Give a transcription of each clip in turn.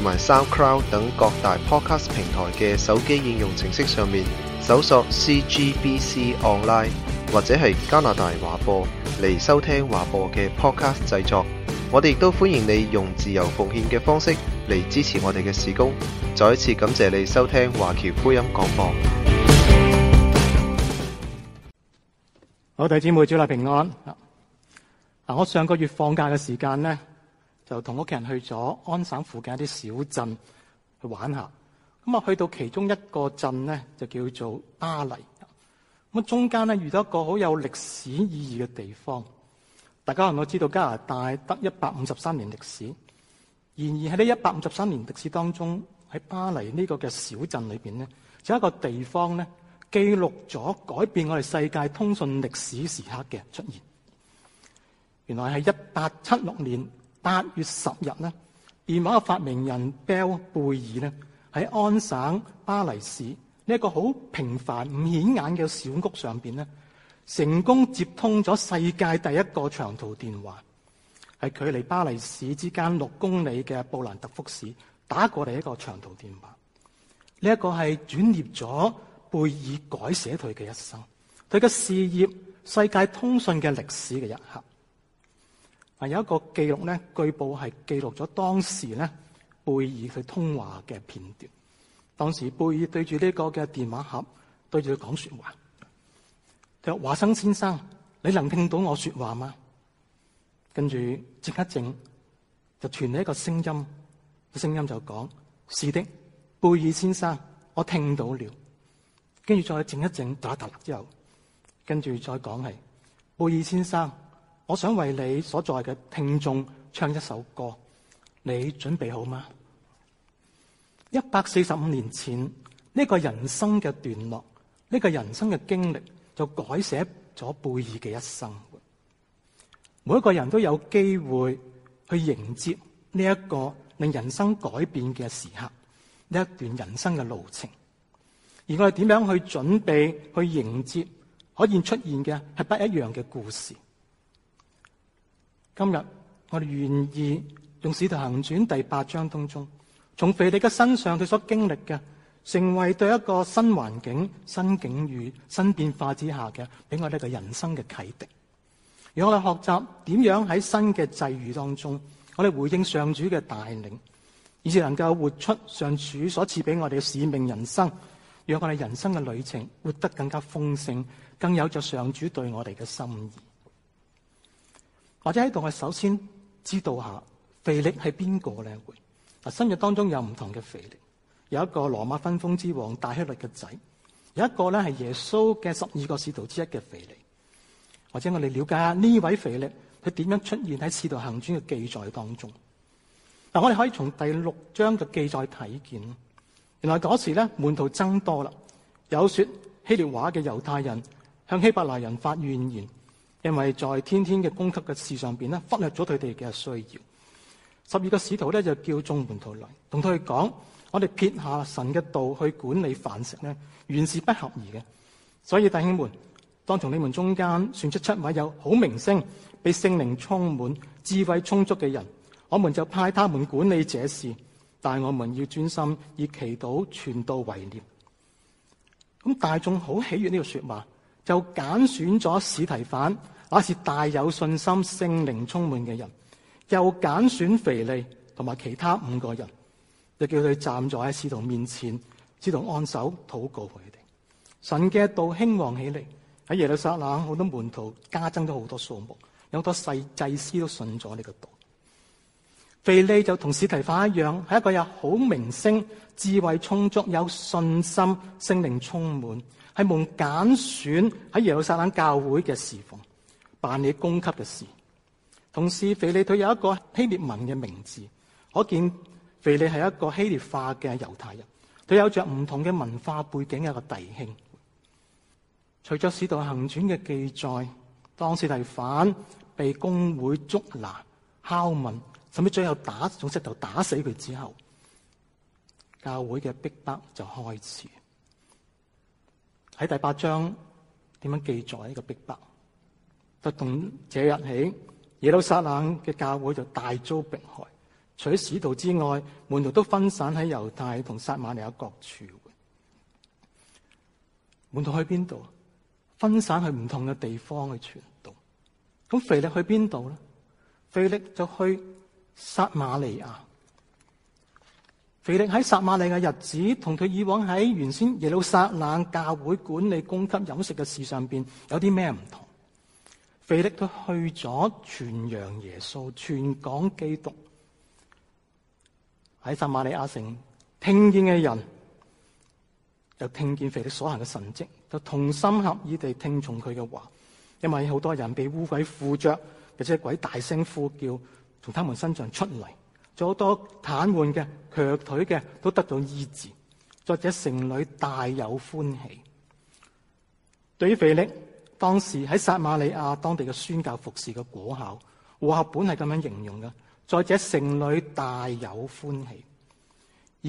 同埋 SoundCloud 等各大 Podcast 平台嘅手機應用程式上面搜索 CGBC Online 或者係加拿大華播嚟收聽華播嘅 Podcast 製作，我哋亦都歡迎你用自由奉獻嘅方式嚟支持我哋嘅事工。再一次感謝你收聽華僑福音廣播。好，弟姊妹祝你平安。嗱，我上個月放假嘅時間呢。就同屋企人去咗安省附近一啲小鎮去玩下。咁啊，去到其中一個鎮咧，就叫做巴黎。咁中間咧遇到一個好有歷史意義嘅地方。大家能夠知道加拿大得一百五十三年歷史，然而喺呢一百五十三年歷史當中，喺巴黎呢個嘅小鎮裏邊咧，有一個地方咧記錄咗改變我哋世界通訊歷史時刻嘅出現，原來係一八七六年。八月十日咧，電話嘅發明人 Bell 貝爾咧，喺安省巴黎市呢一、這個好平凡、唔顯眼嘅小屋上邊呢，成功接通咗世界第一個長途電話，係距離巴黎市之間六公里嘅布蘭特福市打過嚟一個長途電話，呢、這、一個係轉捩咗貝爾改寫佢嘅一生，佢嘅事業世界通訊嘅歷史嘅一刻。有一個記錄咧，據報係記錄咗當時咧貝爾佢通話嘅片段。當時貝爾對住呢個嘅電話盒對住佢講説話，佢話華生先生，你能聽到我說話嗎？跟住即刻靜，就傳嚟一個聲音，個聲音就講：是的，貝爾先生，我聽到了。跟住再靜一靜，打一打之後，跟住再講係貝爾先生。我想為你所在嘅聽眾唱一首歌，你準備好嗎？一百四十五年前，呢個人生嘅段落，呢個人生嘅經歷，就改寫咗貝爾嘅一生。每一個人都有機會去迎接呢一個令人生改變嘅時刻，呢一段人生嘅路程。而我哋點樣去準備去迎接，可以出現嘅係不一樣嘅故事。今日我哋願意用《使徒行傳》第八章當中，從腓力嘅身上佢所經歷嘅，成為對一個新環境、新境遇、新變化之下嘅，俾我哋嘅人生嘅啟迪。讓我哋學習點樣喺新嘅際遇當中，我哋回應上主嘅帶領，以致能夠活出上主所賜俾我哋嘅使命人生，讓我哋人生嘅旅程活得更加豐盛，更有着上主對我哋嘅心意。或者喺度，我哋首先知道下腓力係邊個咧？會啊，新約當中有唔同嘅腓力，有一個羅馬分封之王大希律嘅仔，有一個咧係耶穌嘅十二個使徒之一嘅腓力。或者我哋了解下呢位腓力，佢點樣出現喺《使徒行傳》嘅記載當中？嗱，我哋可以從第六章嘅記載睇見，原來嗰時咧，門徒增多啦，有說希臘話嘅猶太人向希伯來人發怨言，言。因為在天天嘅供給嘅事上邊咧，忽略咗佢哋嘅需要？十二個使徒咧就叫眾門徒來同佢哋講：我哋撇下神嘅道去管理飯食咧，原是不合宜嘅。所以弟兄們，當從你們中間選出七位有好名聲、被聖靈充滿、智慧充足嘅人，我們就派他們管理這事，但我們要專心以祈禱傳道為念。咁大眾好喜悦呢個說話，就揀選咗使提反。那是大有信心、聖靈充滿嘅人，又揀選腓利同埋其他五個人，就叫佢站在使徒面前，使徒按手禱告佢哋。神嘅道興旺起嚟喺耶路撒冷，好多門徒加增咗好多數目，有好多祭司都信咗呢個道。腓利就同史提法一樣，係一個有好名聲、智慧充足、有信心、聖靈充滿，係蒙揀選喺耶路撒冷教會嘅侍奉，辦理供給嘅事，同時腓利佢有一個希臘文嘅名字，可見腓利係一個希臘化嘅猶太人，佢有着唔同嘅文化背景嘅一個弟兄。除咗《使徒行傳》嘅記載，當時係反被公會捉拿拷問，甚至最後打總石頭打死佢之後，教會嘅逼迫，迫就開始。喺第八章點樣記載呢個逼迫，迫？就同這日起，耶路撒冷嘅教會就大遭迫害。除咗使徒之外，門徒都分散喺猶太同撒馬利亞各處，門門徒去邊度？分散去唔同嘅地方去傳道。咁腓力去邊度咧？腓力就去撒馬利亞。腓力喺撒馬利亞的日子同佢以往喺原先耶路撒冷教會管理供給飲食嘅事上邊有啲咩唔同？腓力都去咗傳揚耶穌、傳講基督喺撒瑪利亞城，聽見嘅人就聽見腓力所行嘅神蹟，就同心合意地聽從佢嘅話。因為好多人被污鬼附着，而且鬼大聲呼叫，從他們身上出嚟，仲有好多癱瘓嘅、瘸腿嘅都得到醫治，作者城裏大有歡喜。對於腓力。當時喺撒瑪利亞當地嘅宣教服侍嘅果效，和合本係咁樣形容嘅。在者，城裏大有歡喜。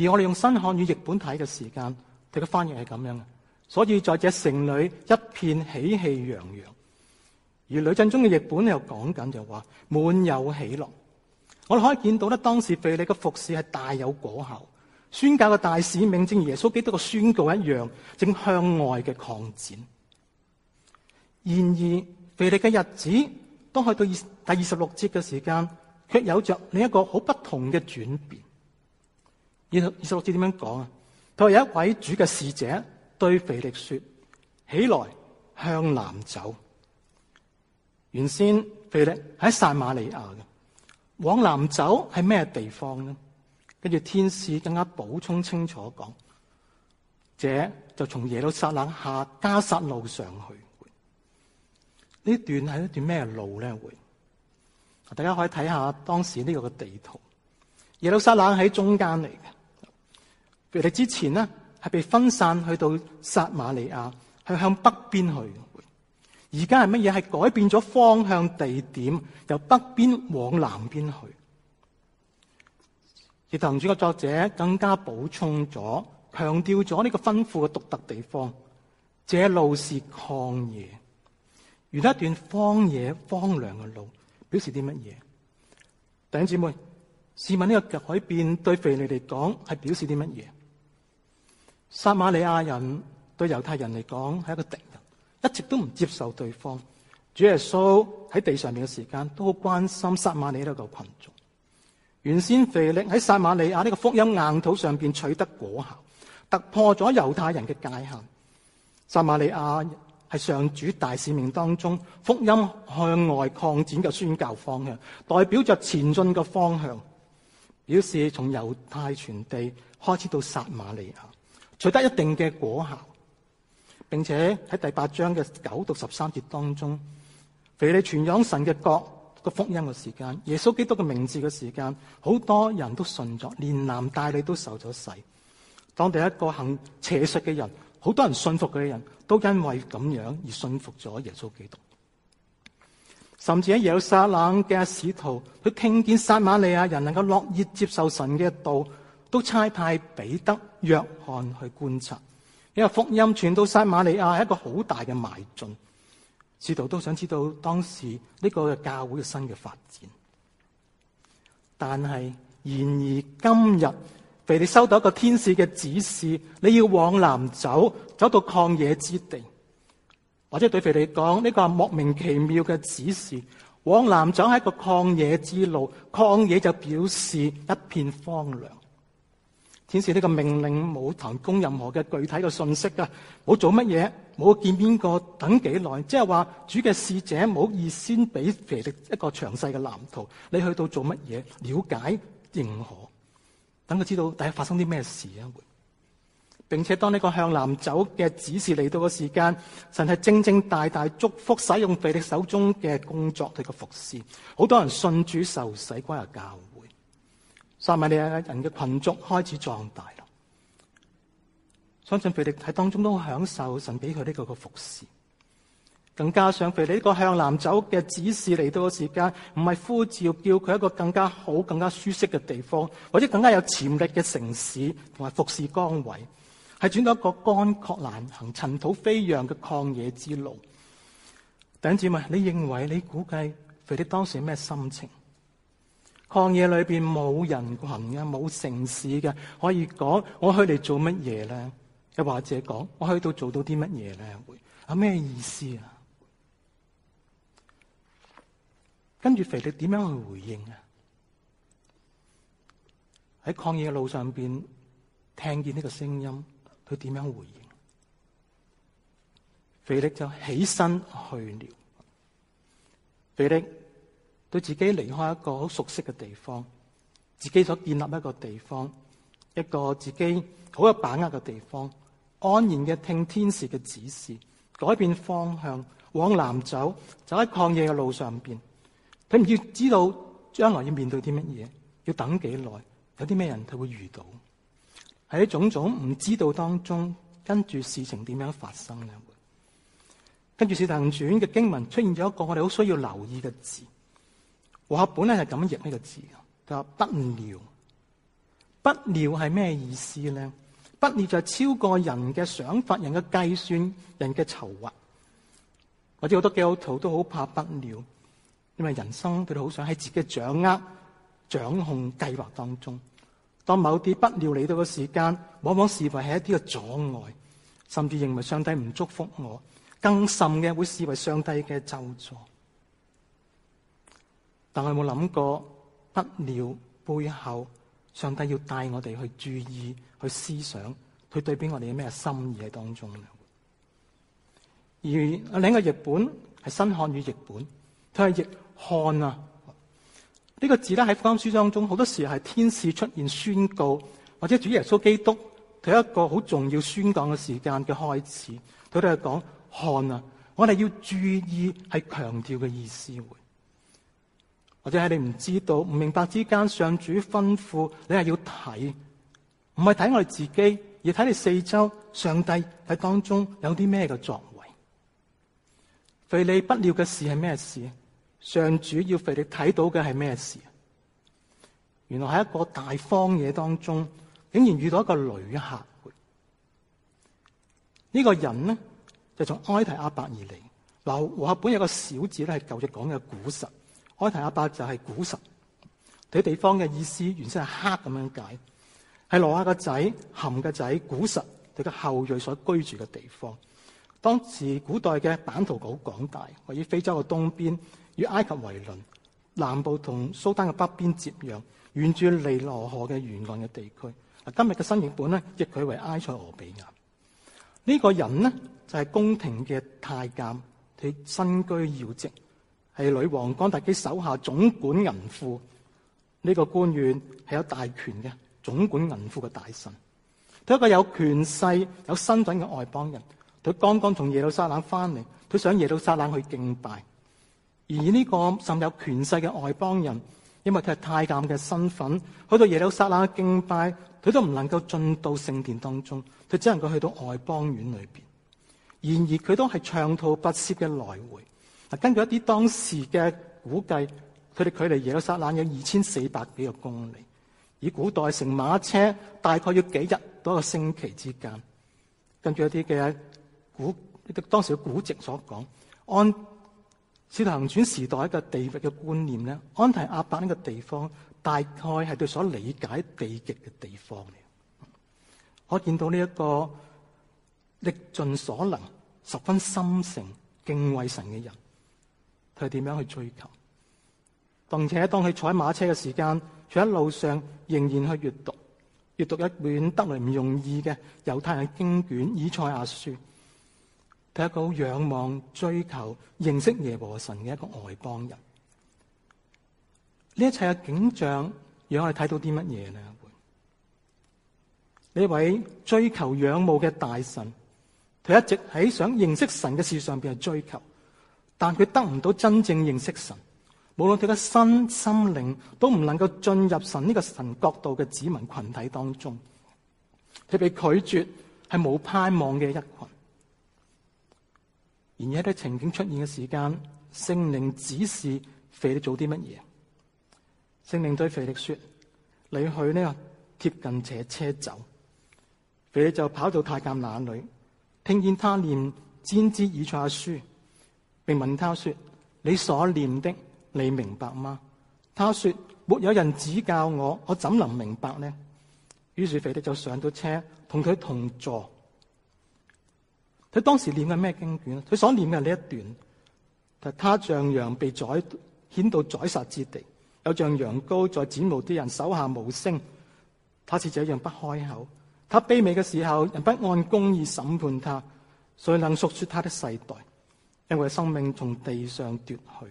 而我哋用新漢語譯本睇嘅時間，佢嘅翻譯係咁樣的。所以在者城裏一片喜氣洋洋。而呂振中嘅譯本又講緊就話滿有喜樂。我哋可以見到咧，當時腓力嘅服侍係大有果效，宣教嘅大使命正如耶穌基督嘅宣告一樣，正向外嘅擴展。然而腓力嘅日子，當去到第二十六節嘅時間，卻有着另一個好不同嘅轉變。二十二十六節點樣講啊？佢話有一位主嘅使者對腓力說：起來，向南走。原先腓力喺撒瑪利亞嘅，往南走係咩地方呢？跟住天使更加補充清楚講：這就從耶路撒冷下加撒路上去。呢段係一段咩路咧？會大家可以睇下當時呢個嘅地圖，耶路撒冷喺中間嚟嘅。佢哋之前呢係被分散去到撒馬利亞，去向北邊去。而家係乜嘢？係改變咗方向地點，由北邊往南邊去。而《使徒行傳》作者更加補充咗，強調咗呢個吩咐嘅獨特地方。這路是曠野。原一段荒野荒涼嘅路，表示啲乜嘢？弟兄姊妹，試問呢個改變對腓力嚟講係表示啲乜嘢？撒瑪利亞人對猶太人嚟講係一個敵人，一直都唔接受對方。主耶穌喺地上面嘅時間都好關心撒瑪利亞呢個群眾。原先腓力喺撒瑪利亞呢個福音硬土上邊取得果效，突破咗猶太人嘅界限。撒瑪利亞。係上主大使命當中福音向外擴展嘅宣教方向，代表着前進嘅方向，表示從猶太傳地開始到撒馬利亞取得一定嘅果效，並且喺第八章嘅九到十三節當中，腓利傳揚神嘅國嘅福音嘅時間，耶穌基督嘅名字嘅時間，好多人都信咗，連男帶女都受咗洗。當地一個行邪術嘅人。好多人信服嘅人都因為咁樣而信服咗耶穌基督，甚至喺耶路撒冷嘅使徒，佢聽見撒瑪利亞人能夠樂意接受神嘅道，都差派彼得、約翰去觀察，因為福音傳到撒瑪利亞係一個好大嘅邁進，使徒都想知道當時呢個教會嘅新嘅發展，但係然而今日。腓力收到一個天使嘅指示，你要往南走，走到曠野之地。或者對腓力講，呢個莫名其妙嘅指示，往南走係一個曠野之路，曠野就表示一片荒涼。天使呢個命令冇提供任何嘅具體嘅信息啊，冇做乜嘢，冇見邊個，等幾耐，即係話主嘅使者冇預先俾腓力一個詳細嘅藍圖，你去到做乜嘢，了解認可。等佢知道到底發生啲咩事啊。會並且當呢個向南走嘅指示嚟到嘅時間，神係正正大大祝福使用腓力手中嘅工作同個服侍，好多人信主受洗歸入教會，撒瑪利亞人嘅群族開始壯大啦！相信腓力喺當中都好享受神俾佢呢個嘅服侍。更加上，腓力呢個向南走嘅指示嚟到嘅時間，唔係呼召叫佢一個更加好、更加舒適嘅地方，或者更加有潛力嘅城市同埋服侍崗位，係轉到一個乾涸難行、塵土飛揚嘅曠野之路。第一，姐妹，你認為你估計腓力當時咩心情？曠野裏邊冇人群嘅，冇城市嘅，可以講我我去嚟做乜嘢咧？又或者講我去到做到啲乜嘢咧？有咩意思啊？跟住，腓利點樣去回應啊？喺曠野嘅路上邊，聽見呢個聲音，佢點樣回應？腓利就起身去了。腓利對自己離開一個好熟悉嘅地方，自己所建立一個地方，一個自己好有把握嘅地方，安然嘅聽天使嘅指示，改變方向往南走，走喺曠野嘅路上邊。佢唔要知道將來要面對啲乜嘢，要等幾耐，有啲咩人佢會遇到，喺種種唔知道當中，跟住事情點樣發生咧？跟住《使徒行傳》嘅經文出現咗一個我哋好需要留意嘅字，和合本咧係咁譯呢個字嘅，佢、就是、不料。不料係咩意思咧？不料就係超過人嘅想法、人嘅計算、人嘅籌劃，或者好多基督徒都好怕不料，因為人生佢哋好想喺自己掌握、掌控計劃當中，當某啲不料嚟到嘅時間，往往視為係一啲嘅阻礙，甚至認為上帝唔祝福我，更甚嘅會視為上帝嘅咒詛。但係有冇諗過不料背後，上帝要帶我哋去注意、去思想、去對比我哋有咩心意喺當中咧？而另一個譯本係新漢語譯本，佢係譯。睇啊！呢、這個字咧喺福音書當中，好多時係天使出現宣告，或者主耶穌基督佢一個好重要宣講嘅時間嘅開始。佢哋係講看啊，我哋要注意係強調嘅意思，或者係你唔知道、唔明白之間，上主吩咐你係要睇，唔係睇我哋自己，而係睇你四周，上帝喺當中有啲咩嘅作為？對你不了嘅事係咩事？上主要腓利睇到嘅係咩事？原來喺一個大荒野當中，竟然遇到一個旅客。呢、這個人呢，就從埃提阿伯而嚟。嗱，和合本有個小字咧係舊日講嘅古實，埃提阿伯就係古實。佢地方嘅意思原先係黑咁樣解，係羅亞個仔含嘅仔古實，佢嘅後裔所居住嘅地方。當時古代嘅版圖好廣大，位於非洲嘅東邊。與埃及為鄰，南部同蘇丹嘅北邊接壤，沿住尼羅河嘅沿岸嘅地區。嗱，今日嘅新譯本咧譯佢為埃塞俄比亞。呢、這個人呢，就係、是、宮廷嘅太監，佢身居要職，係女王江達基手下總管銀庫。呢、這個官員係有大權嘅，總管銀庫嘅大臣。佢一個有權勢、有身份嘅外邦人，佢剛剛從耶路撒冷翻嚟，佢想耶路撒冷去敬拜。而呢個甚有權勢嘅外邦人，因為佢係太監嘅身份，去到耶路撒冷敬拜，佢都唔能夠進到聖殿當中，佢只能夠去到外邦院裏面。然而佢都係長途跋涉嘅來回。嗱，根據一啲當時嘅估計，佢哋距離耶路撒冷有二千四百幾個公里。以古代乘馬車，大概要幾日多一個星期之間。根據一啲嘅古當時嘅古籍所講，按《使徒行傳》時代嘅地極嘅觀念咧，安提阿伯呢個地方大概係佢所理解地極嘅地方。我見到呢一個力盡所能、十分深誠敬畏神嘅人，佢點樣去追求？並且當佢坐喺馬車嘅時間，佢喺路上仍然去閱讀、閱讀一本得嚟唔容易嘅猶太人經卷《以賽亞書》。係一個仰望、追求、認識耶和神嘅一個外邦人。呢一切嘅景象，讓我哋睇到啲乜嘢咧？呢位追求仰慕嘅大神，佢一直喺想認識神嘅事上邊去追求，但佢得唔到真正認識神。無論佢嘅身心靈，都唔能夠進入神呢個神國度嘅子民群體當中。佢被拒絕，係冇盼望嘅一群。而喺啲情景出現嘅時間，聖靈指示腓力做啲乜嘢？聖靈對腓力說，你去呢個貼近且車，車走。腓力就跑到太監那裏，聽見他念《先知以賽亞、啊、書》，並問他說，你所念的，你明白嗎？他說沒有人指教我，我怎能明白呢？於是腓力就上到車，同佢同坐。佢當時念緊咩經卷？佢所念嘅呢一段，就係他像羊被宰，牽到宰殺之地；有像羊羔在剪毛的人手下無聲，他似這樣不開口。他卑微嘅時候，人不按公義審判他，所以能述説他的世代？因為生命從地上奪去。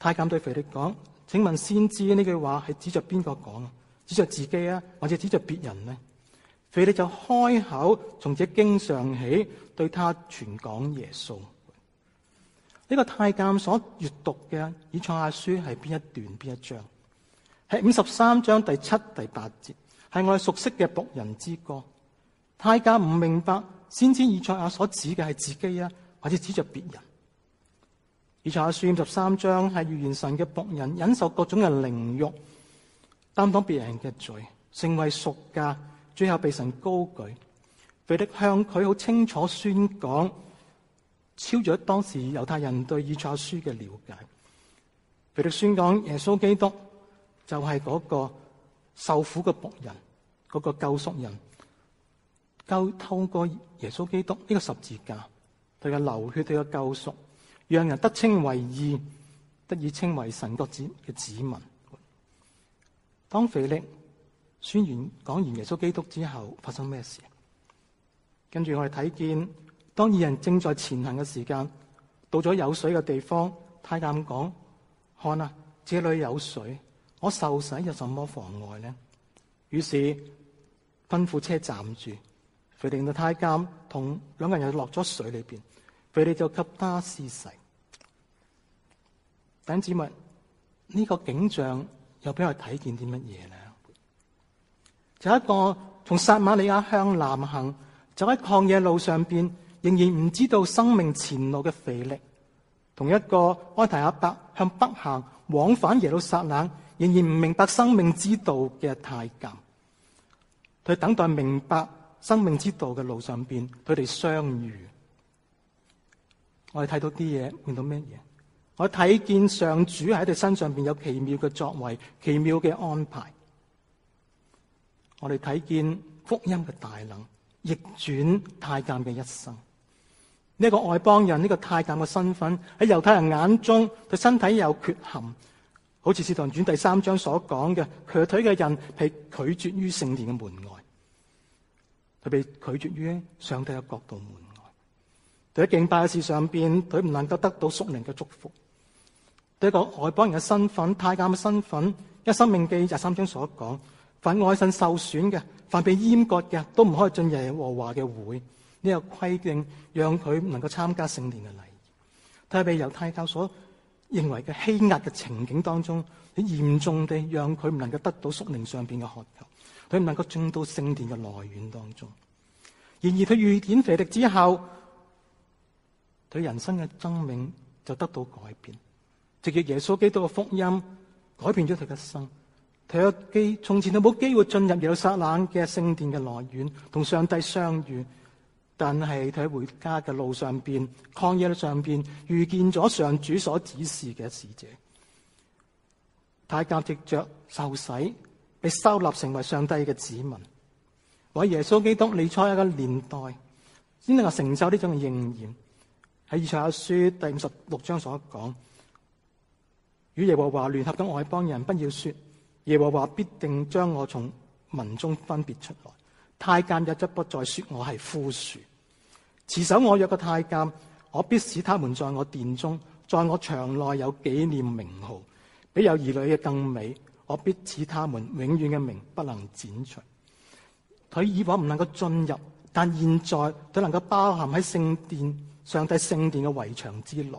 太監對腓利講：請問先知呢句話係指着邊個講啊？指着自己啊，或者指着別人呢？」所以你就開口從這經上起，對他傳講耶穌。呢個太監所閱讀嘅以賽亞書係邊一段邊一章？係五十三章第七、第八節，係我哋熟悉嘅僕人之歌。太監唔明白先知以賽亞所指嘅係自己啊，或者指着別人？以賽亞書五十三章係預言神嘅僕人忍受各種嘅凌辱，擔當別人嘅罪，成為贖價。最後被神高舉，腓力向佢好清楚宣講，超咗當時猶太人對以賽亞書嘅了解。腓力宣講耶穌基督就係嗰個受苦嘅僕人，嗰、那個救贖人，夠透過耶穌基督呢個十字架，佢嘅流血，佢嘅救贖，讓人得稱為義，得以稱為神國子嘅子民。當腓力宣言講完耶穌基督之後，發生咩事？跟住我哋睇見，當二人正在前行嘅時間，到咗有水嘅地方，太監講：看啊，這裏有水，我受洗有什麼妨礙呢？於是吩咐車站住，腓力到太監同兩人又落咗水裏邊，佢哋就給他施洗。等姊妹，呢個景象又俾我睇見啲乜嘢咧？就是，一個從撒馬利亞向南行，走喺曠野路上邊，仍然唔知道生命前路嘅腓利；同一個埃提阿伯向北行，往返耶路撒冷，仍然唔明白生命之道嘅太監。佢等待明白生命之道嘅路上邊，佢哋相遇。我哋睇到啲嘢，見到咩嘢？我睇見上主喺佢身上邊有奇妙嘅作為，奇妙嘅安排。我哋睇見福音嘅大能逆轉太監嘅一生。呢、這個個外邦人，呢、這個太監嘅身份喺猶太人眼中，佢身體有缺陷，好似《使徒行傳》第三章所講嘅瘸腿嘅人，係拒絕於聖殿嘅門外，佢被拒絕於上帝嘅國度門外。喺敬拜嘅事上邊，佢唔能夠得到屬靈嘅祝福。對一個外邦人嘅身份，太監嘅身份，一生命記第三章所講。凡外省受損嘅，凡被閹割嘅，都唔可以進入耶和華嘅會。呢、這個規定讓佢唔能夠參加聖殿嘅禮儀。睇下被猶太教所認為嘅欺壓嘅情景當中，佢嚴重地讓佢唔能夠得到屬靈上面嘅渴求，佢唔能夠進到聖殿嘅來源當中。然而佢遇見腓利之後，佢人生嘅生命就得到改變，藉著耶穌基督嘅福音改變咗佢嘅一生。佢有機，從前佢冇機會進入耶路撒冷嘅聖殿嘅內院，同上帝相遇。但係佢喺回家嘅路上邊，曠野上邊，遇見咗上主所指示嘅使者。太監脫着受洗，被收納成為上帝嘅子民。喎，耶穌基督，你初一個年代先能夠承受呢種嘅應驗，喺以賽亞書第五十六章所講。與耶和華聯合嘅外邦人，不要說。耶和華必定將我從民中分別出來，太監也則不再說我是枯樹。持守我約嘅太監，我必使他們在我殿中，在我牆內有紀念名號，比有兒女嘅更美。我必使他們永遠嘅名不能剪除。佢以往唔能夠進入，但現在佢能夠包含喺聖殿上帝聖殿嘅圍牆之內。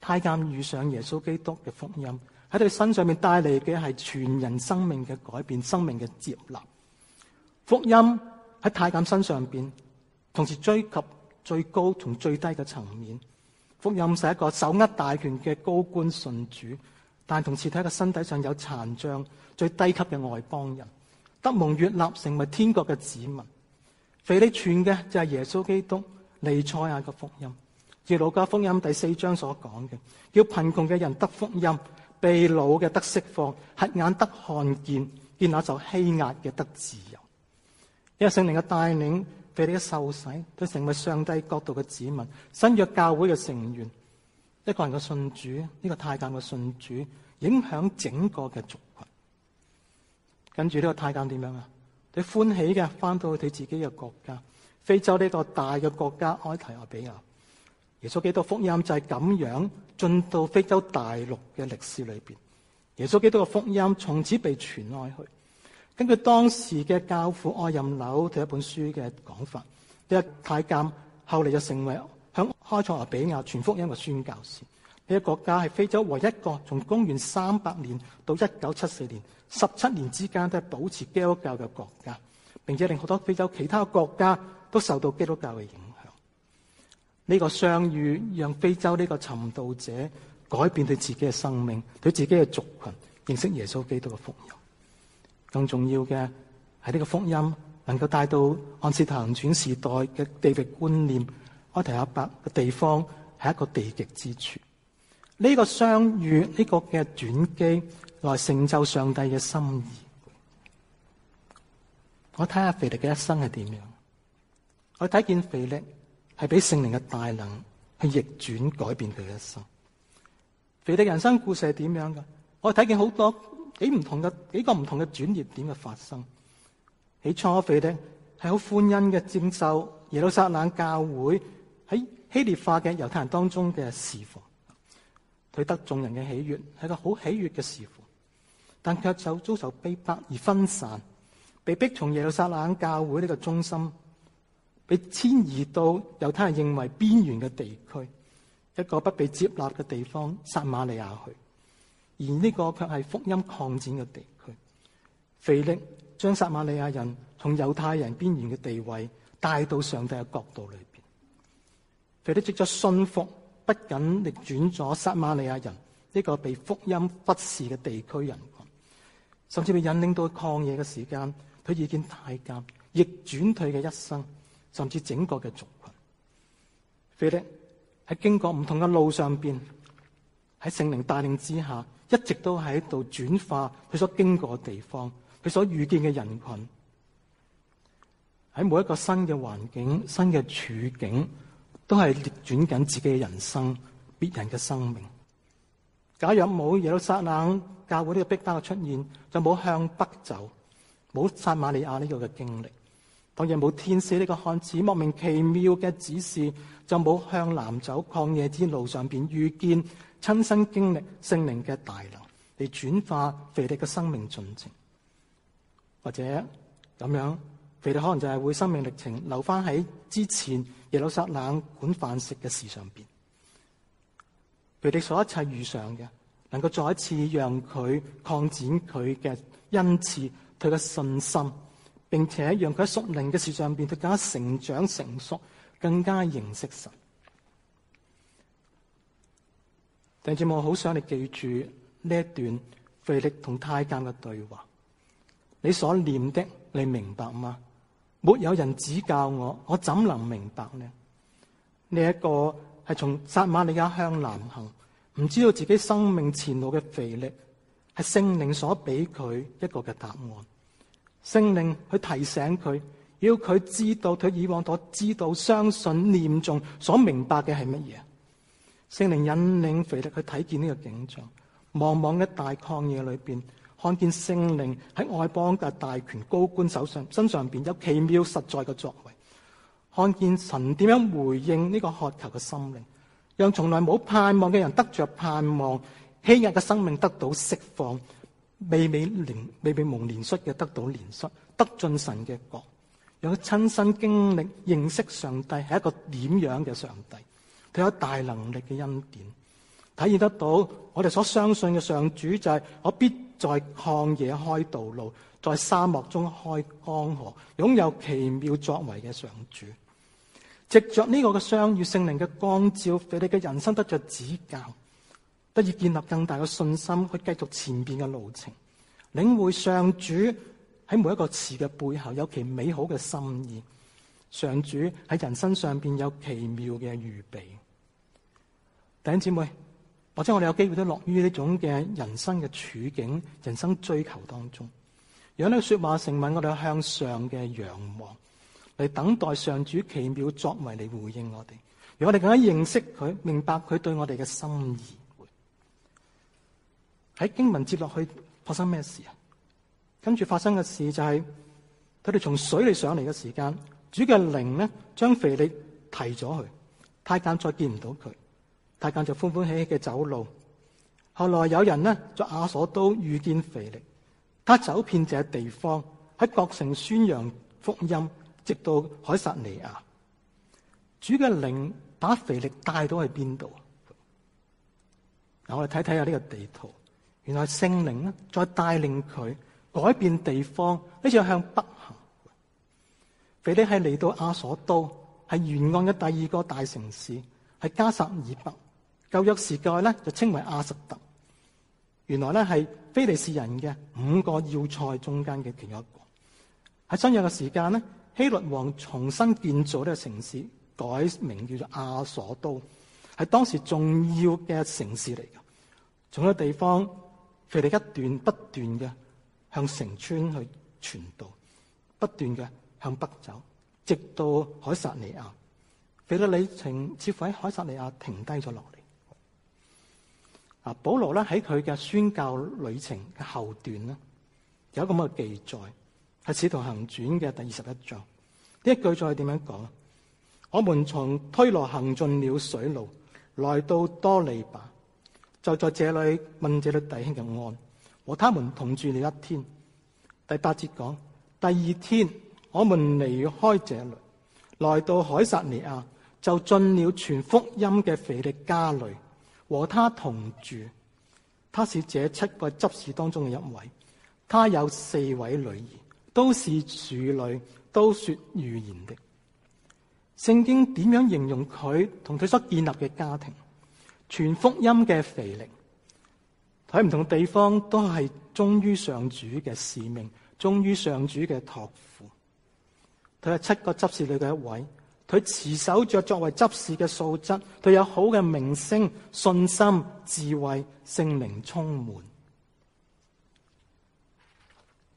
太監遇上耶穌基督嘅福音。喺佢身上面帶嚟嘅係全人生命嘅改變，生命嘅接納。福音喺太監身上邊，同時追及最高同最低嘅層面。福音係一個手握大權嘅高官信主，但同時睇一個身體上有殘障、最低級嘅外邦人得蒙悅納成為天國嘅子民。腓利傳嘅就係耶穌基督尼賽亞嘅福音，耶路加福音第四章所講嘅，要貧窮嘅人得福音。被擄嘅得釋放，瞎眼得看見，見那就欺壓嘅得自由。因為聖靈嘅帶領，被你嘅受洗，佢成為上帝國度嘅子民，新約教會嘅成員，一個人嘅信主，呢個太監嘅信主，影響整個嘅族群。跟住呢個太監點樣啊？你歡喜嘅，翻到佢自己嘅國家，非洲呢個大嘅國家，埃提阿比亞。耶穌基督福音就係咁樣進到非洲大陸嘅歷史裏邊，耶穌基督嘅福音從此被傳開去。根據當時嘅教父愛任紐嘅一本書嘅講法，呢個太監後嚟就成為響開創埃塞俄比亞傳福音嘅宣教士。呢個國家係非洲唯一一個從公元三百年到一九七四年十七年之間都係保持基督教嘅國家，並且令好多非洲其他國家都受到基督教嘅影響。呢、這個相遇讓非洲呢個尋道者改變對自己嘅生命，對自己嘅族群認識耶穌基督嘅福音。更重要嘅係呢個福音能夠帶到按撒騰轉時代嘅地極觀念。我提阿伯嘅地方係一個地極之處。呢、這個相遇呢、這個嘅轉機來成就上帝嘅心意。我睇下腓力嘅一生係點樣。我睇見腓力。係俾聖靈嘅大能去逆轉改變佢嘅一生。腓利人生故事係點樣噶？我睇見好多幾唔同嘅幾個唔同嘅轉折點嘅發生。起初腓利係好歡欣嘅接受耶路撒冷教會喺希臘化嘅猶太人當中嘅事奉，佢得眾人嘅喜悅，係個好喜悅嘅事奉。但卻就遭受逼迫而分散，被逼從耶路撒冷教會呢個中心。被遷移到猶太人認為邊緣嘅地區，一個不被接納嘅地方——撒瑪利亞去，而呢個卻係福音擴展嘅地區。腓力將撒瑪利亞人從猶太人邊緣嘅地位帶到上帝嘅角度裏邊。腓力藉咗信服，不僅逆轉咗撒瑪利亞人一、呢個被福音忽視嘅地區人群，甚至被引領到曠野嘅時間，佢已見太監逆轉佢嘅一生。甚至整個嘅族群，腓力喺經過唔同嘅路上邊，喺聖靈帶領之下，一直都喺度轉化佢所經過嘅地方，佢所遇見嘅人群，喺每一個新嘅環境、新嘅處境，都係逆轉緊自己嘅人生、別人嘅生命。假如冇耶路撒冷教會呢個逼番嘅出現，就冇向北走，冇撒瑪利亞呢個嘅經歷。當然冇天使呢、這個漢子莫名其妙嘅指示，就冇向南走曠野之路上遇見親身經歷聖靈嘅大能，嚟轉化腓力嘅生命進程，或者這樣，腓力可能就是會生命歷程留返喺之前耶路撒冷管飯食嘅事上面。腓力所一切遇上嘅，能夠再一次讓佢擴展佢嘅恩賜，佢嘅信心。並且讓佢喺屬靈嘅事上邊更加成長成熟，更加認識神。弟兄姊妹，我好想你記住呢一段腓力同太監嘅對話。你所念的，你明白嗎？沒有人指教我，我怎能明白呢？呢、這、一個係從撒馬利亞向南行，唔知道自己生命前路嘅腓力，係聖靈所俾佢一個嘅答案。聖靈去提醒佢，要佢知道佢以往所知道、相信、念誦、所明白嘅係乜嘢。聖靈引領腓力去睇見呢個景象，茫茫嘅大曠野裏邊，看見聖靈喺外邦嘅大權高官手上身上邊有奇妙實在嘅作為，看見神點樣回應呢個渴求嘅心靈，讓從來冇盼望嘅人得着盼望，昔日嘅生命得到釋放。未未未未蒙憐恤嘅得到憐恤，得進神嘅國，有親身經歷認識上帝係一個點樣嘅上帝，佢有大能力嘅恩典，體現得到我哋所相信嘅上主就係我必在曠野開道路，在沙漠中開江河，擁有奇妙作為嘅上主，借着呢個嘅聖與聖靈嘅光照，俾你嘅人生得着指教。得以建立更大嘅信心，去繼續前邊嘅路程，領會上主喺每一個詞嘅背後有其美好嘅心意。上主喺人生上邊有奇妙嘅預備，弟兄姊妹，或者我哋有機會都樂於呢種嘅人生嘅處境、人生追求當中，如果呢個說話成文，我哋向上嘅仰望，嚟等待上主奇妙作為嚟回應我哋。如果我哋更加認識佢，明白佢對我哋嘅心意。喺經文接落去發生咩事啊？跟住發生嘅事就係佢哋從水裏上嚟嘅時間，主嘅靈咧將腓力提咗去，太監再見唔到佢，太監就歡歡喜喜嘅走路。後來有人呢，在亞索都遇見腓力，他走遍這地方喺各城宣揚福音，直到凱撒尼亞。主嘅靈把腓力帶到去邊度啊？嗱，我哋睇睇下呢個地圖。原來聖靈咧再帶領佢改變地方，呢次向北行。腓力係嚟到亞索都，係沿岸嘅第二個大城市，係加撒爾北。舊約時代咧就稱為阿什特，原來咧係菲利士人嘅五個要塞中間嘅其中一個。喺新約嘅時間咧，希律王重新建造呢個城市，改名叫做亞索都，係當時重要嘅城市嚟嘅，仲有個地方。佢哋一段不斷嘅向城村去傳道，不斷嘅向北走，直到海撒尼亞。彼得旅程似乎喺海撒尼亞停低咗落嚟。啊，保羅咧喺佢嘅宣教旅程嘅後段咧，有一個咁嘅記載，係《使徒行傳》嘅第二十一章。呢一句再點樣講啊？我們從推羅行盡了水路，來到多利巴。就在這裏問這裏弟兄嘅案，和他們同住了一天。第八節講，第二天我們離開這裏，來到凱撒尼亞，就進了傳福音嘅腓利家裏，和他同住。他是這七個執事當中嘅一位，他有四位女兒，都是處女，都說預言的。聖經點樣形容佢同佢所建立嘅家庭？全福音嘅腓力，喺唔同地方都係忠於上主嘅使命，忠於上主嘅託付。佢係七個執事裏嘅一位，佢持守着作為執事嘅素質，佢有好嘅名聲、信心、智慧，聖靈充滿。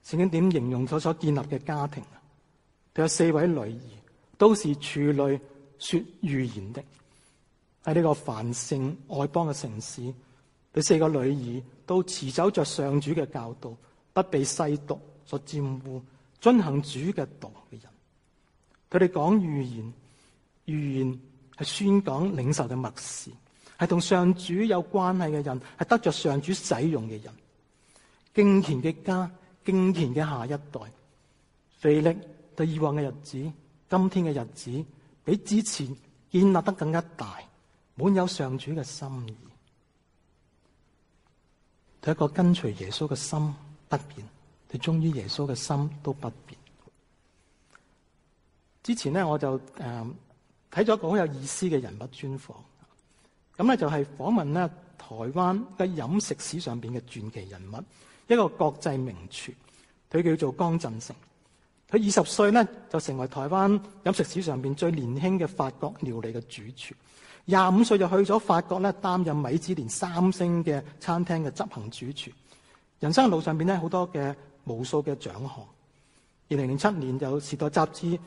聖經點形容佢所建立嘅家庭啊？佢有四位女兒，都是處女說預言的。喺呢個繁盛外邦嘅城市，佢四個女兒都持守着上主嘅教導，不被世俗所佔，所占污遵行主嘅道嘅人。佢哋講預言，預言係宣講領受嘅默示，係同上主有關係嘅人，係得着上主使用嘅人。敬虔嘅家，敬虔嘅下一代，腓力對以往嘅日子，今天嘅日子，比之前建立得更加大。滿有上主嘅心意，佢一個跟隨耶穌嘅心不變，佢忠於耶穌嘅心都不變。之前咧，我就誒睇咗一個好有意思嘅人物專訪。咁咧就係訪問咧台灣嘅飲食史上邊嘅傳奇人物，一個國際名廚。佢叫做江振成。佢二十歲咧就成為台灣飲食史上邊最年輕嘅法國料理嘅主廚。廿五歲就去咗法國咧擔任米芝蓮三星嘅餐廳嘅執行主廚，人生路上邊咧好多嘅無數嘅獎項。二零零七年就時代雜誌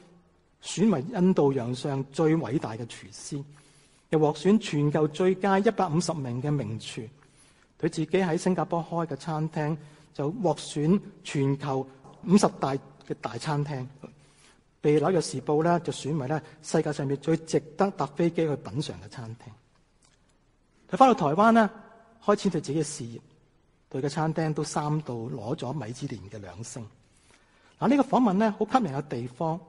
選為印度洋上最偉大嘅廚師，又獲選全球最佳一百五十名嘅名廚。佢自己喺新加坡開嘅餐廳就獲選全球五十大嘅大餐廳。《紐約時報》咧就選為咧世界上面最值得搭飛機去品嚐嘅餐廳。佢返到台灣咧，開始佢自己嘅事業，佢嘅餐廳都三度攞咗米芝蓮嘅兩星。嗱，呢個訪問咧好吸引嘅地方，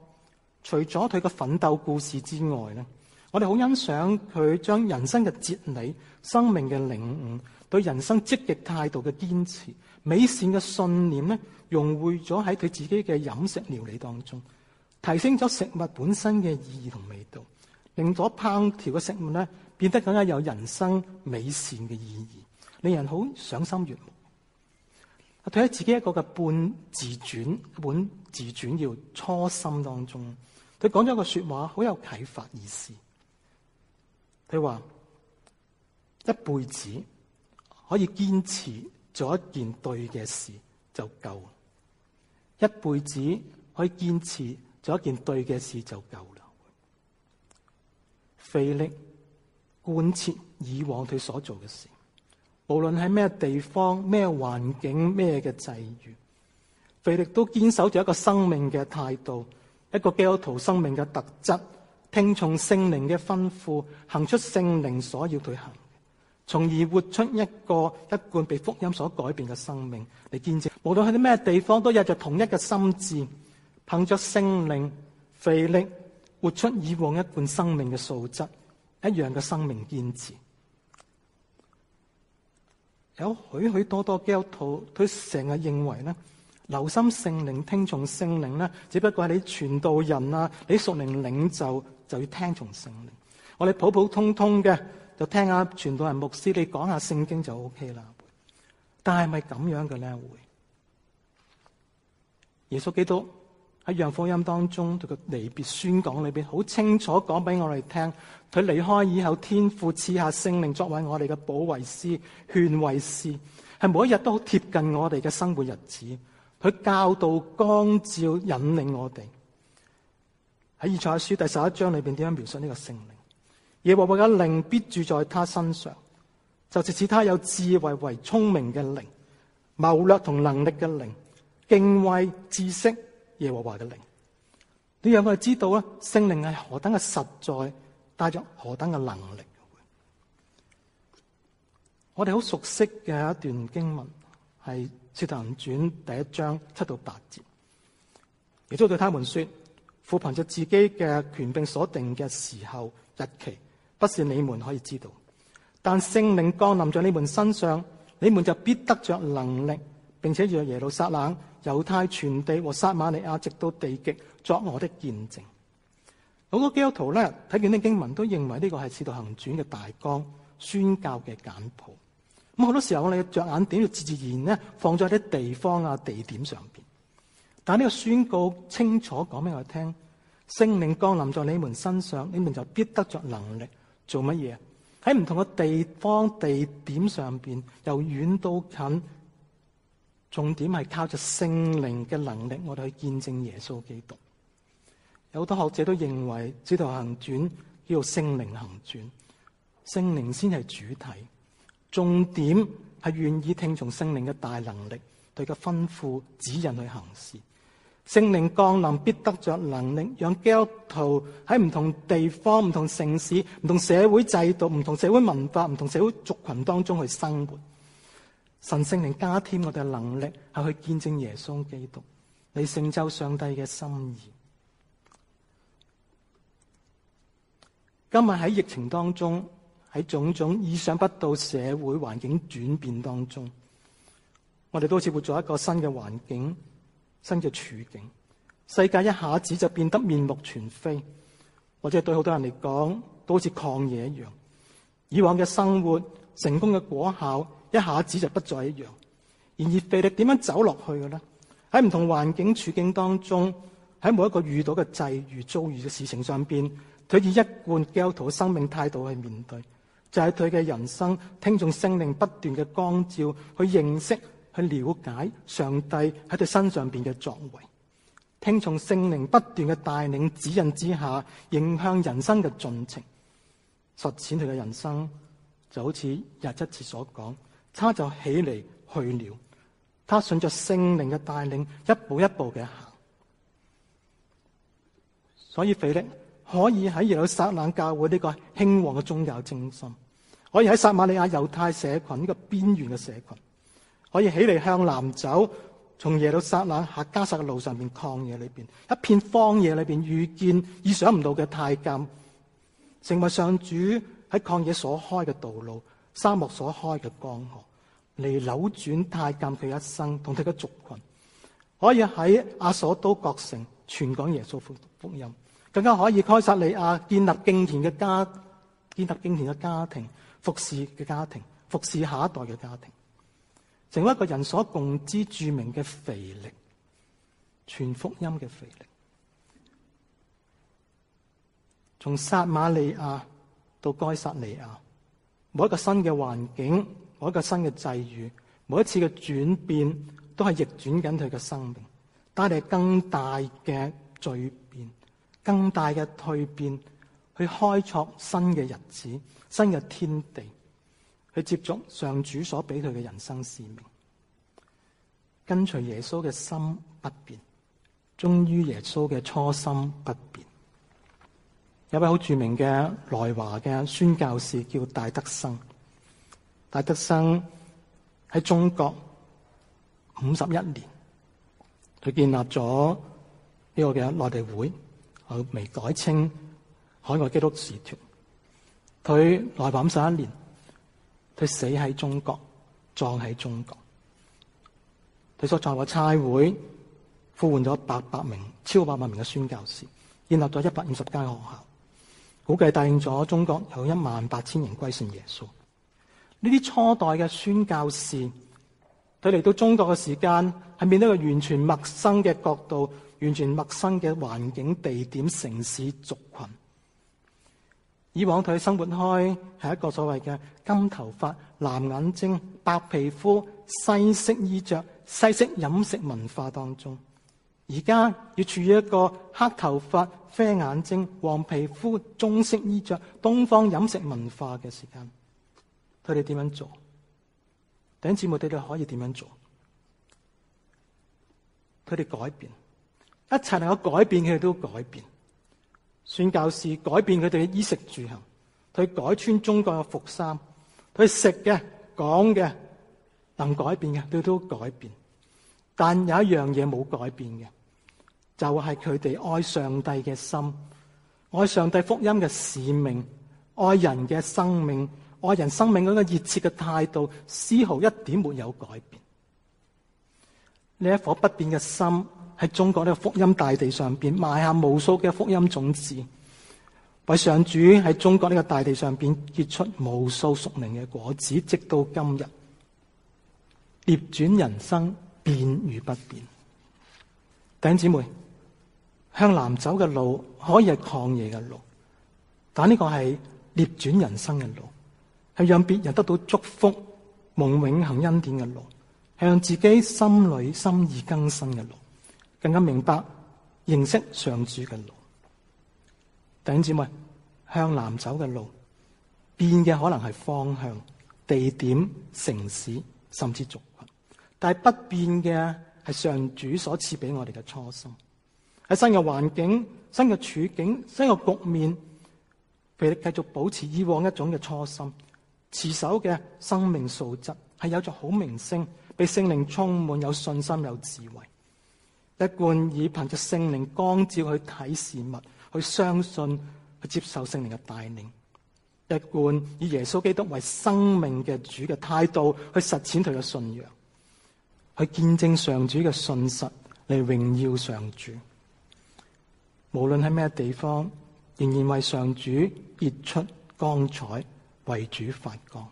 除咗佢嘅奮鬥故事之外咧，我哋好欣賞佢將人生嘅哲理、生命嘅領悟、對人生積極態度嘅堅持、美善嘅信念咧，融匯咗喺佢自己嘅飲食料理當中。提升咗食物本身嘅意義同味道，令咗烹調嘅食物呢變得更加有人生美善嘅意義，令人好賞心悅目。我睇喺自己一個嘅半自傳，本自傳要《初心》當中，佢講咗一個說話，好有啟發意思。佢話：一輩子可以堅持做一件對嘅事就夠，一輩子可以堅持。做一件對嘅事就夠啦。腓力貫徹以往佢所做嘅事，無論喺咩地方、咩環境、咩嘅際遇，腓力都堅守住一個生命嘅態度，一個基督徒生命嘅特質，聽從聖靈嘅吩咐，行出聖靈所要佢行，從而活出一個一貫被福音所改變嘅生命嚟見證。無論去到咩地方，都有着同一個心志。憑着聖靈，腓力活出以往一貫生命嘅素質，一樣嘅生命堅持。有許許多多基督徒，佢成日認為咧，留心聖靈、聽從聖靈咧，只不過係你傳道人啊，你屬靈領袖就要聽從聖靈。我哋普普通通嘅就聽下傳道人、牧師，你講下聖經就 OK 啦。但係咪咁樣嘅咧？會耶穌基督？喺楊福音當中，佢嘅離別宣講裏邊，好清楚講俾我哋聽。佢離開以後，天父賜下聖靈作為我哋嘅保衛師、勸慰師，係每一日都好貼近我哋嘅生活日子。佢教導、光照、引領我哋。喺《以賽亞書》第十一章裏邊點樣描述呢個聖靈？耶和華嘅靈必住在他身上，就似似他有智慧為聰、為聰明嘅靈、謀略同能力嘅靈、敬畏、知識。耶和華嘅靈，你有冇知道咧，聖靈靈係何等嘅實在，帶着何等嘅能力。我哋好熟悉嘅一段經文係《使徒行傳》第一章七到八節。耶穌對他們說：父憑着自己嘅權柄所定嘅時候日期，不是你們可以知道；但聖靈降臨在你們身上，你們就必得着能力，並且讓耶路撒冷。猶太全地和撒馬利亞，直到地極，作我的見證。好多基督徒咧睇見啲經文，都認為呢個係使徒行傳嘅大綱，宣教嘅簡譜。咁好多時候我哋着眼點要自自然咧，放咗喺啲地方啊、地點上邊。但呢個宣告清楚講俾我聽，聖靈降臨在你們身上，你們就必得着能力。做乜嘢？喺唔同嘅地方、地點上邊，由遠到近。重點係靠着聖靈嘅能力，我哋去見證耶穌基督。有好多學者都認為《使徒行傳》叫做聖靈行傳。聖靈先係主體。重點係願意聽從聖靈嘅大能力對佢吩咐指引去行事。聖靈降臨，必得着能力，讓基督徒喺唔同地方、唔同城市、唔同社會制度、唔同社會文化、唔同社會族群當中去生活。神聖靈加添我哋嘅能力，係去見證耶穌基督，你成就上帝嘅心意。今日喺疫情當中，喺種種意想不到社會環境轉變當中，我哋都好似活在一個新嘅環境、新嘅處境。世界一下子就變得面目全非，或者對好多人嚟講都好似曠野一樣。以往嘅生活、成功嘅果效。一下子就不再一樣。然而腓力點樣走落去嘅呢？喺唔同環境處境當中，喺每一個遇到嘅際遇、遭遇嘅事情上邊，佢以一貫教徒嘅生命態度去面對，就係佢嘅人生聽從聖靈不斷嘅光照去認識、去了解上帝喺佢身上邊嘅作為，聽從聖靈不斷嘅帶領指引之下，影響人生嘅進程，實踐佢嘅人生，就好似廿七節所講。他就起嚟去了，他順着聖靈嘅帶領，一步一步嘅行。所以腓力可以喺耶路撒冷教會呢個興旺嘅宗教中心，可以喺撒瑪利亞猶太社群呢、這個邊緣嘅社群，可以起嚟向南走，從耶路撒冷下加撒嘅路上面曠野裏邊，一片荒野裏邊遇見意想唔到嘅太監，成為上主喺曠野所開嘅道路。沙漠所開嘅江河，嚟扭轉太監佢一生同佢嘅族群，可以喺阿索都各城傳講耶穌福福音，更加可以該撒利亞建立敬虔嘅家，建立敬虔嘅家庭，服侍嘅家，家庭，服侍下一代嘅家庭，成為一個人所共知著名嘅腓利，全福音嘅腓利，從撒瑪利亞到該撒利亞。每一個新嘅環境，每一個新嘅際遇，每一次嘅轉變，都係逆轉緊佢嘅生命，帶嚟更大嘅聚變，更大嘅蛻變，去開拓新嘅日子，新嘅天地，去接觸上主所俾佢嘅人生使命，跟隨耶穌嘅心不變，忠於耶穌嘅初心不變。有位好著名嘅來華嘅宣教士叫戴德生，戴德生喺中國五十一年，佢建立咗呢個嘅內地會，後來改稱海外基督使團。佢來華五十一年，佢死喺中國，葬喺中國。佢所在嘅差會，呼喚咗八百名、超八百名嘅宣教士，建立咗一百五十間學校。估計答應咗中國有一萬八千人歸信耶穌。呢啲初代嘅宣教士，佢嚟到中國嘅時間係面對一個完全陌生嘅角度，完全陌生嘅環境、地點、城市、族群。以往佢生活開係一個所謂嘅金頭髮、藍眼睛、白皮膚、西式衣著、西式飲食文化當中，而家要處於一個黑頭髮。啡眼睛、黃皮膚、中式衣着、東方飲食文化嘅時間，佢哋點樣做？第一次我哋都可以點樣做？佢哋改變，一切能夠改變佢哋都改變。宣教士改變佢哋嘅衣食住行，佢改穿中國嘅服衫，佢食嘅、講嘅能改變嘅，佢都改變。但有一樣嘢冇改變嘅。就係佢哋愛上帝嘅心，愛上帝福音嘅使命，愛人嘅生命，愛人生命嗰個熱切嘅態度，絲毫一點沒有改變。呢一顆不變嘅心喺中國呢個福音大地上邊埋下無數嘅福音種子，為上主喺中國呢個大地上邊結出無數屬靈嘅果子，直到今日，逆轉人生變與不變，弟兄姊妹。向南走嘅路可以係曠野嘅路，但呢個係轉捩人生嘅路，係讓別人得到祝福、蒙永恒恩典嘅路，向讓自己心裏心意更新嘅路，更加明白認識上主嘅路。弟兄姊妹，向南走嘅路變嘅可能係方向、地點、城市，甚至族群，但係不變嘅係上主所賜俾我哋嘅初心。喺新嘅環境、新嘅處境、新嘅局面，俾你繼續保持以往一種嘅初心，持守嘅生命素質係有着好名聲，被聖靈充滿，有信心，有智慧，一貫以憑着聖靈光照去睇事物，去相信，去接受聖靈嘅帶領，一貫以耶穌基督為生命嘅主嘅態度去實踐佢嘅信仰，去見證上主嘅信實嚟榮耀上主。無論喺咩地方，仍然為上主結出光彩，為主發光。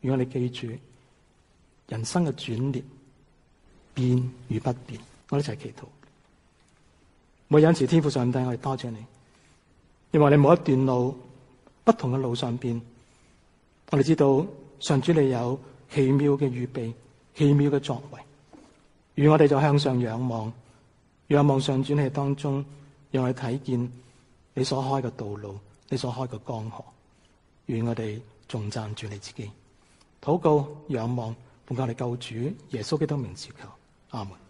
如果你記住，人生嘅轉捩，變與不變。我哋一齊祈禱，每有一次天父上帝，我哋多謝你。因為你每一段路，不同嘅路上邊，我哋知道上主你有奇妙嘅預備，奇妙嘅作為。而我哋就向上仰望。仰望上轉器當中，讓我哋睇見你所開嘅道路，你所開嘅江河。願我哋重站住你自己，禱告仰望，奉教你救主耶穌基督名字求，阿門。